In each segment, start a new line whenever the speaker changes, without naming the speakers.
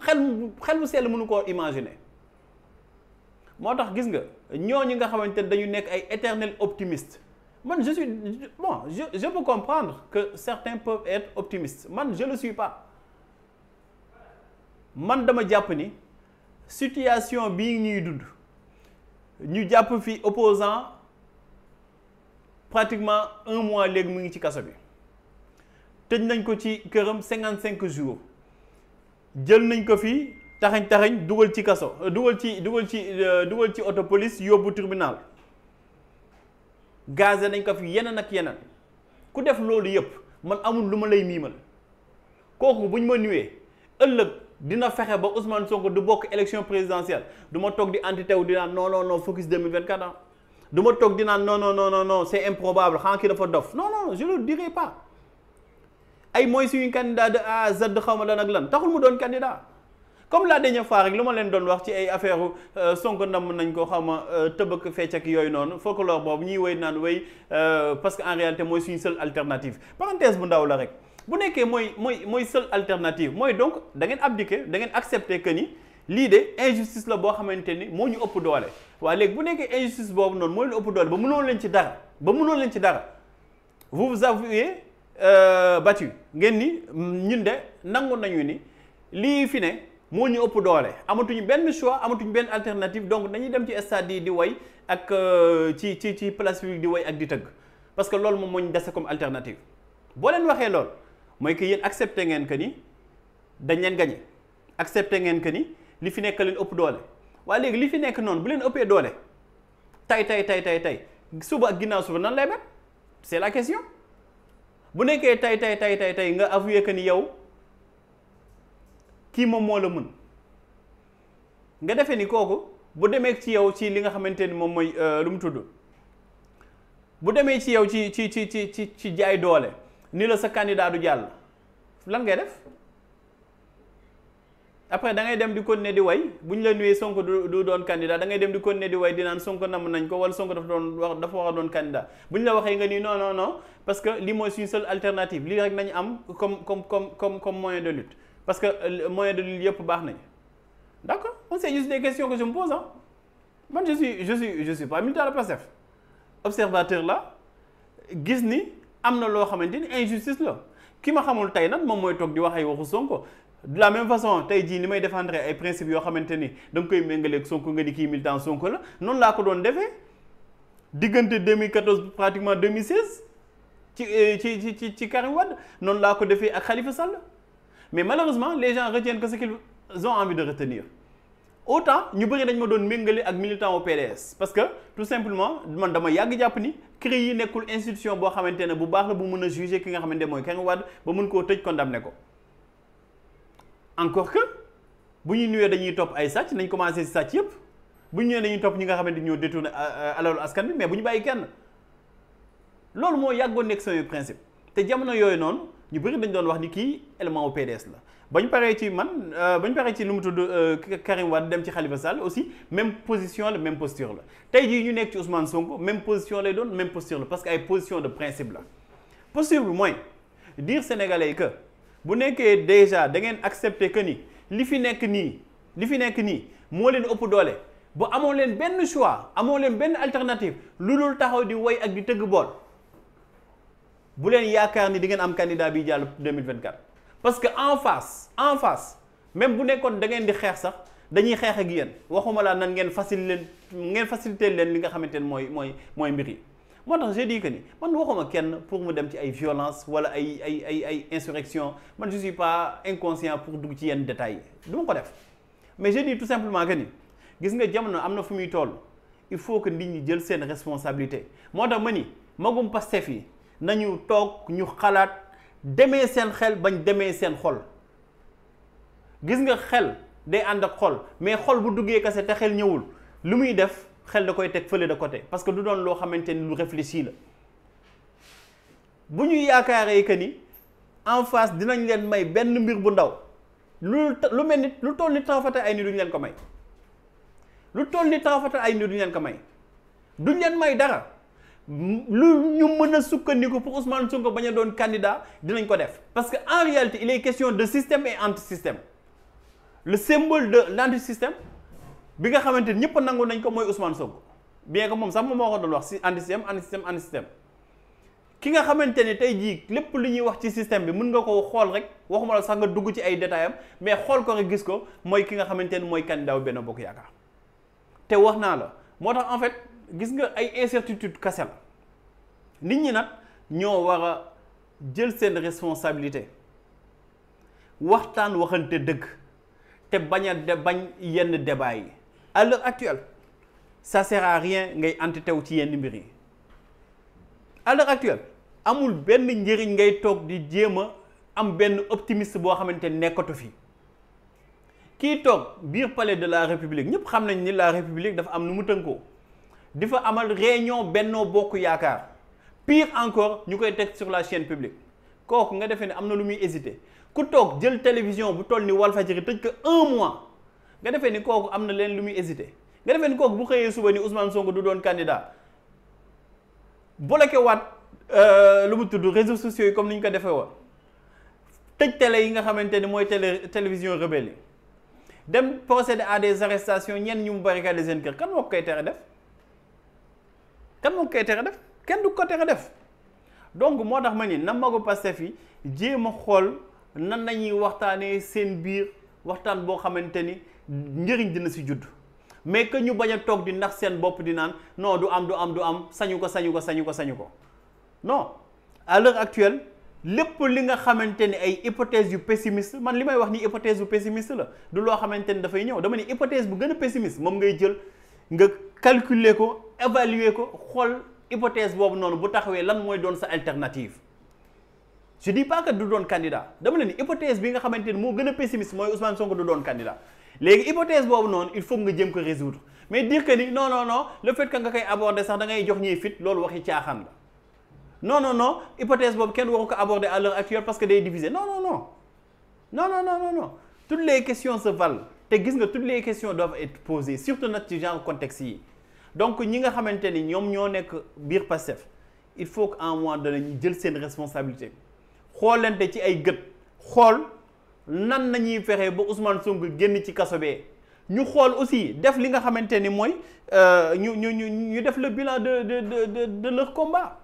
xel xel mu sell mënu koo imaginer moo tax gis nga ñoo ñi nga xamante ne dañu nekk ay éternel optimiste man je suis je peux comprendre que certains peuvent être optimistes man je le suis pas man dama jàpp ni situation bii ñuy dund ñu jàpp fi opposant pratiquement un mois léegi mu ngi ci kaso bi tëj nañ ko ci këram cinquante cinq jours jël nañ ko fii taxañ taxañ dugal ci kaso euh, dugal ci dugal ci euh, dugal ci auto police yóbbu tribunal gaze nañ ko fi yeneen ak yeneen ku def loolu yëpp man amul lu ma lay miimal kooku bu ñu ma nuwee ëllëg dina fexe ba Ousmane Sonko du bokk élection présidentielle du ma toog di entité wu di naan non non non focus 2024 ah du ma toog di c'est improbable xanaa ki dafa dof noo non je le dirai ay mooy suñu candidat de A à Z xaw ma lan ak lan taxul mu doon candidat comme la dernière fois rek lu ma leen doon wax ci ay affaire euh, Sonko ndam nañ ko xaw ma euh, tëbëk fecc ak yooyu noonu folklore boobu ñuy wéy naan wéy euh, parce que en réalité mooy suñu seule alternative parenthèse bu ndaw la rek bu nekkee mooy mooy mooy seule alternative mooy donc da ngeen abdiquer da ngeen accepter que ni lii de injustice la boo xamante ni moo ñu ëpp doole waaye léegi bu nekkee injustice boobu noonu mooy lu ëpp doole ba mënoon leen ci dara ba mënoon leen ci dara vous Euh, bati ngeen ni ñun de nangu nañu ni lii fi ne moo ñu ëpp doole amatuñu benn choix amatuñu benn alternative donc dañuy dem ci stade yi di way ak euh, ci ci ci place publique di woy ak di tëgg parce que loolu moom moo ñu dese comme alternative boo leen waxee lool mooy que yéen accepté ngeen que ni dañ leen gagné accepté ngeen que ni li fi nekk leen ëpp doole waa léegi li fi nekk noonu bu leen ëppee doole tey tey tey tey tey suba ak ginnaaw suba nan lay mel c'est la question. bu nekkee tey tey tey tey tey nga avoué que ni yow kii moom moo la mën nga defee ni kooku bu demee ci yow ci li nga xamante ni moom mooy euh, lu mu tudd bu demee ci yow ci ci ci ci ci ci jaay doole ni la sa candidat du jàll lan ngay def après da ngay dem di continuer di way bu ñu la nuyee Sonko du doon candidat da ngay dem di continuer di way di naan Sonko nam nañ ko wala Sonko dafa doon dafa war a doon candidat bu ñu la waxee nga nii no non non parce que lii mooy suñu seule alternative lii rek nañu am comme comme comme comme comme moyen de lutte parce que euh, moyen de lutte yëpp baax nañ d' accord on c'est juste des questions que je me pose ah man je suis je suis je suis pas militant observateur la gis ni am na loo xamante ni injustice la ki ma xamul tey nag moom mooy toog di wax ay waxu Sonko de la même façon tey jii li may défendre ay principes yoo xamante ni da nga koy méngaleeg Sonko nga ni kii militant Sonko la noonu laa ko doon defee diggante 2014 pratiquement 2016 eh, ci ci ci ci Karim Wade noonu laa ko defee ak Khalifa Sall mais malheureusement les gens retiennent que ce qu'ils ont envie de retenir ñu bëri dañ ma doon méngale ak militant au PDS parce que tout simplement man dama yàgg jàpp ni CREI yi nekkul institution boo xamante ne bu baax la bu mën a juger ki nga xamante mooy Karim Wade ba mën koo tëj condamné ko. encore que bu ñu nuwee dañuy topp ay sàcc nañ commencé si sàcc yëpp bu ñu nuwee dañuy topp ñi nga xamante ni ñoo détourné euh, euh, alalu askan bi mais bu ñu bàyyi kenn loolu moo yàggoon nekk yu principe te jamono yooyu noonu ñu bëri dañ doon wax ni kii élément au PDS la ba ñu paree ci man euh, ba ñu paree ci lu mu tudd Karim Wade dem ci Khalifa Sall aussi même position la même posture la tey jii ñu nekk ci Ousmane Sonko même position lay doon même posture la parce que ay position la posture bi mooy dire sénégalais que. bu nekkee déjà da ngeen accepter que ni li fi nekk nii li fi nekk nii moo leen ëpp doole bu amoo leen benn choix amoo leen benn alternative lu dul taxaw di woy ak di tëgg bool bu leen yaakaar ni di ngeen am candidat bi jàll 2024 parce que en face en face même bu nekkoon da ngeen di xeex sax dañuy xeex ak yéen waxuma laa nan ngeen faciliter leen ngeen faciliter leen li nga xamante ne mooy mooy mooy mbir yi moo tax j'ai dit que ni man waxuma kenn pour mu dem ci ay violence wala ay ay ay ay insurrection man je pas inconscient pour dugg ci yenn détails yi du ma ko def mais j'ai dit tout simplement que ni gis nga jamono am na fu muy tool il faut que nit ñi jël seen responsabilité moo tax ma ni magum Pastef fii nañu toog ñu xalaat demee seen xel bañ demee seen xol gis nga xel day ànd ak xol mais xol bu duggee kase te xel ñëwul lu muy def xel da koy teg fële de côté parce que du doon loo xamante ni lu réfléchi la bu ñu yaakaaree que ni en face dinañ leen may benn mbir bu ndaw lu lu mel ni lu toll ni tafata ay ni duñ leen ko may lu toll ni tafata ay ni duñ leen ko may duñ leen may dara lu ñu mën a sukkandiku pour Ousmane Sonko bañ a doon candidat dinañ ko def parce que en réalité il est question de système et anti-système le symbole de l'anti-système bi nga xamante ni ñëpp nangu nañ ko mooy Ousmane Sonko bien que moom sax moom moo ko doon wax si antisystème antisystème antisystème ki nga xamante ni tey jii lépp li ñuy wax ci système bi mën nga ko xool rek waxuma la sax nga dugg ci ay détails mais xool ko rek gis ko mooy ki nga xamante ni mooy candidat Benno Bokk Yaakaar te wax naa la moo tax en fait gis nga ay incertitude kase la nit ñi nag ñoo war a jël seen responsabilité waxtaan waxante dëgg te bañ a bañ yenn débat yi à l'heure actuelle ça rien ngay entêté wu ci yenn mbir yi à l'heure actuelle amul benn njëriñ ngay toog di jéem a am benn optimiste boo xamante nekkatu fi kii toog biir palais de la république ñëpp xam nañ ni la république dafa am lu mu tënkoo di fa amal réunion bennoo bokk yaakaar pire encore ñu koy teg sur la chaîne publique kooku nga defee ne am na lu muy hésité ku toog jël télévision bu toll ni Walfadjri tëj ko un mois nga defee ni kooku am na leen lu muy hésité nga defee ni kooku bu xëyee suba ni Ousmane Sonko du doon candidat bloqué waat euh, lu mu tudd réseaux sociaux yi comme ni ñu ko defee woon tëj tele yi nga xamante ni mooy tele télévision rebelle yi dem procéder à des arrestations ñenn ñu mu barricade seen kër kan moo koy tere def kan moo ko koy tere def kenn du ko tere def donc moo tax ma ni na magu Pastef fii jéem a xool nan la ñuy waxtaanee seen biir waxtaan boo xamante ni. njëriñ dina si juddu mais que ñu bañ a toog di ndax seen bopp di naan non du am du am du am sañu ko sañu ko sañu ko sañu ko non à l'heure actuelle lépp li nga xamante ni ay hypothèse yu pessimiste man li may wax ni hypothèse yu pessimiste la du loo xamante ni dafay ñëw dama ne hypothèse bu gën a pessimiste moom ngay jël nga calculer ko évaluer ko xool hypothèse boobu noonu bu taxawee lan mooy doon sa alternative je dis pas que du doon candidat dama ne ni hypothèse bi nga xamante ni moo gën a pessimiste mooy Ousmane Sonko du doon candidat léegi hypothèse boobu noonu il faut nga jëm ko résoudre mais dire que ni non non non le fait que nga koy aborder sax da ngay jox ñi fit loolu waxi caaxaan la non non non hypothèse boobu kenn waru ko aborder à l'heure actuelle parce que day diviser non non non non non non non non les questions se valent te gis nga toutes les questions doivent être posées surtout nag ci genre contexte yi donc ñi nga xamante ni ñoom ñoo nekk biir Pastef il faut que en moins donné ñu jël seen responsabilité xoolante ci ay gët xool. nan nañuy fexe ba Ousmane Sonko génn ci kaso be ñu xool aussi def li nga xamante ni mooy euh, ñu ñu ñu ñu def le bilan de de de de leur combat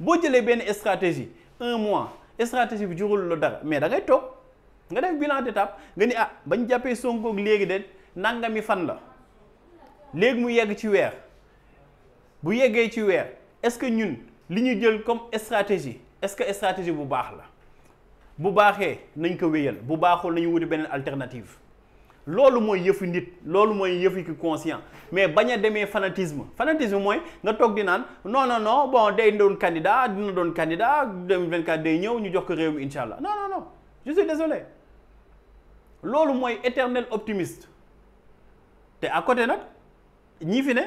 boo jëlee benn stratégie un mois stratégie bu jurul la dara mais da ngay toog nga def bilan d'étape nga ni ah bañ jàppee Sonko léegi de nangami fan la léegi mu yegg ci weer bu yeggee ci weer est-ce que ñun li ñu jël comme stratégie est-ce que stratégie bu baax la. bu baaxee nañ ko wéyal bu baaxul nañu wuti beneen alternative loolu mooy yëfu nit loolu mooy yëfu ki conscient mais bañ a demee fanatisme fanatisme mooy nga togg di naan non non non bon day doon candidat dina doon candidat 2024 day ñëw ñu jox ko réew mi incha allah non non non je désolé loolu mooy éternel optimiste te a côté nag ñi fi ne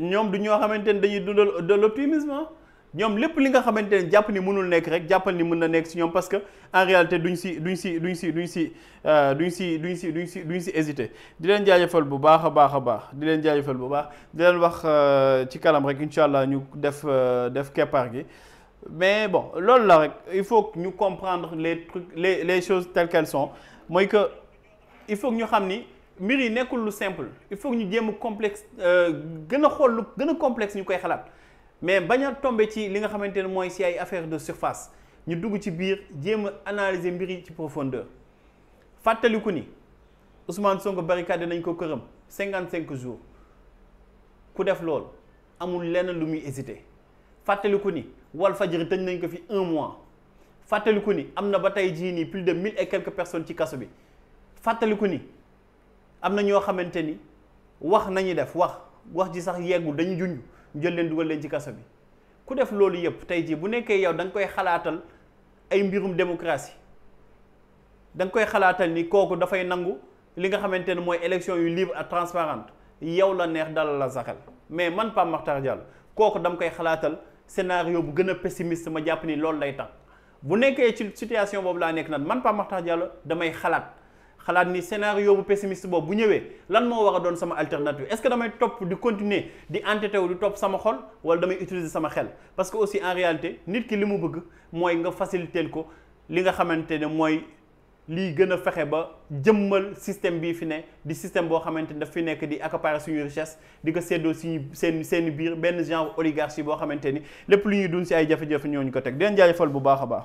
ñoom du ñoo xamante ne dañuy dundal de l'optimisme ñoom lépp li nga xamante ne jàpp ni mënul nekk rek jàppal ni mën na nekk si ñoom parce que en réalité ñu si duñ si duñ si duñ si euh, du si duñ si duñ si duñ si hésité di leen jaajëfal bu baax a baax a baax di leen jaajëfal bu baax di leen wax euh, ci kanam rek incha allah ñu def euh, def keppaar gi mais bon loolu la rek il faut ñu comprendre les trucs les les choses telles qu'elles sont mooy que il faut ñu xam ni mbir yi nekkul lu simple il faut ñu jéem complexe gën a xool lu gën a complexe ñu koy xalaat. mais bañ a tombe ci li nga xamante ne mooy si ay affaire de surface ñu dugg ci biir jéem a analyser mbir yi ci profondeur fàttaliku ni Ousmane Sonko barricade nañ ko këram cinquante cinq jours ku def lool amul lenn lu muy hésité fàttaliku ni wal fajri tëj nañ ko fi un mois fàttaliku ni am na ba tey jii nii plus de mille et quelques personnes ci kaso bi fàttaliku ni am na ñoo xamante ni wax nañu def wax wax ji sax yeggul dañu junj ñu jël leen dugal leen ci kaso bi ku def loolu yëpp tey jii bu nekkee yow danga koy xalaatal ay mbirum démocratie da nga koy xalaatal ni kooku dafay nangu li nga xamante ne mooy élection yu libre ak transparente yow la neex dalal la saxel mais man Pape Makhtar kooku dama koy xalaatal scénario bu gën a pessimiste ma jàpp ni loolu lay tax bu nekkee ci situation boobu laa nekk nag man Pape Makhtar damay xalaat xalaat ni scénario bu pessimiste boobu bu ñëwee lan moo war a doon sama alternative est-ce que damay topp di continuer di entêté wu di topp sama xol wala damay utiliser sama xel parce que aussi en réalité nit ki li mu bëgg mooy nga faciliter ko li nga xamante ne mooy lii gën a fexe ba jëmmal système bii fi ne di système boo xamante ni daf fi nekk di accaparer suñu richesse di ko séddoo suñu seen seen biir benn genre oligarchie boo xamante ni lépp lu ñuy dund si ay jafe-jafe ñooñu ko teg den jaajëfal bu baax a baax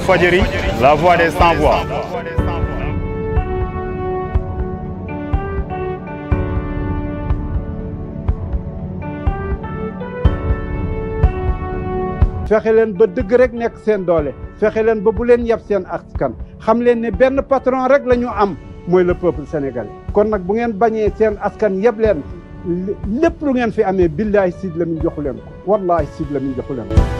Walfadjri, la voix des sans fexe leen ba dëgg rek nekk seen doole fexe leen ba bu leen yab seen askan xam leen ne benn patron rek la am mooy le peuple sénégalais. kon nag bu ngeen bañee seen askan yëpp leen lépp lu ngeen fi amee billahi Sidy Lamine joxu leen ko wallahi Sidy Lamine joxu leen ko.